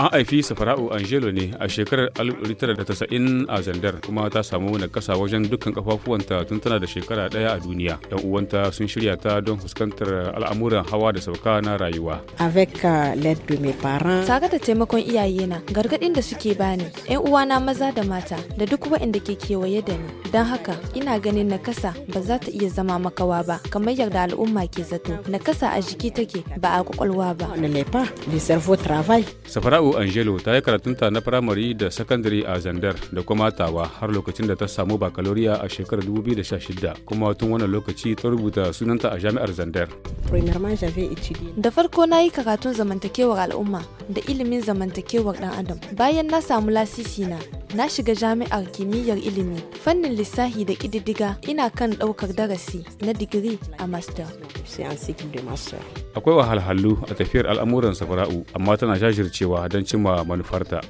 an haifi safara'u angelo ne a shekarar 1990 a zandar kuma ta samu nakasa wajen dukkan kafafuwanta tun tana da shekara ɗaya a duniya dan uwanta sun shirya ta don fuskantar al'amuran hawa da sauka na rayuwa avec euh, tare da taimakon iyayena gargaɗin da suke bani yan uwana maza da mata da duk waɗanda ke kewaye da ni don haka ina ganin nakasa ba za ta iya zama makawa ba kamar yadda al'umma ke zato nakasa a jiki take ba a kwakwalwa ba safara'u Angelo ta yi karatunta na firamare da sakandare a Zandar da kuma Tawa har lokacin da ta samu bakaloriya a shekarar 2016 kuma tun wannan lokaci ta rubuta sunanta a jami'ar Zandar. Da farko na yi karatun zamantakewar al'umma da ilimin zamantakewar dan adam bayan na samu lasisi na na shiga jami'ar kimiyyar ilimi fannin lissahi da ƙididdiga ina kan ɗaukar darasi na digiri a master. Akwai wahalhalu a tafiyar al'amuran safara'u amma tana jajircewa don cimma manufarta.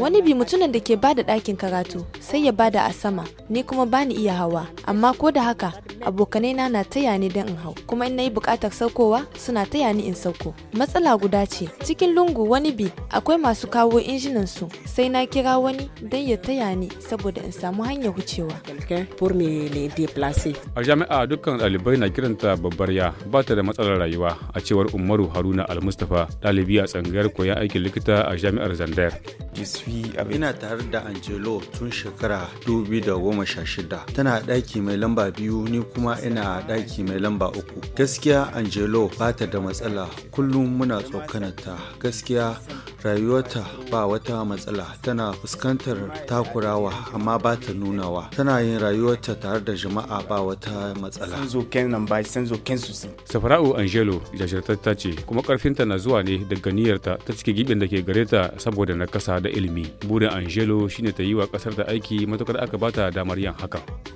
Wani bi mutumin da ke bada ɗakin karatu sai ya bada a sama ni kuma bani iya hawa amma ko da haka abokanai na na taya ni don in hau kuma in nayi bukatar saukowa suna taya ni in sauko matsala guda ce cikin lungu wani bi akwai masu kawo injinan su sai na kira wani dan ya taya ni saboda in samu hanyar wucewa a jami'a dukkan ɗalibai na kiranta babbar ya ba ta da matsalar rayuwa a cewar umaru haruna almustafa ɗalibi a tsangayar koyon aikin likita a jami'ar zandar ina tare da angelo tun shekaru shekara 2016 tana ɗaki mai lamba biyu ni kuma ina ɗaki mai lamba uku gaskiya angelo ba ta da matsala kullum muna tsokanarta gaskiya rayuwarta ba wata matsala tana fuskantar takurawa amma ba ta nunawa tana yin rayuwarta tare da jama'a ba wata matsala safara'u angelo ta ce kuma karfinta na zuwa ne daga niyyarta ta cike gibin da ke gare ta saboda kasa da ilimi burin angelo shine ta yi wa kasar da aiki matukar aka bata damar yin hakan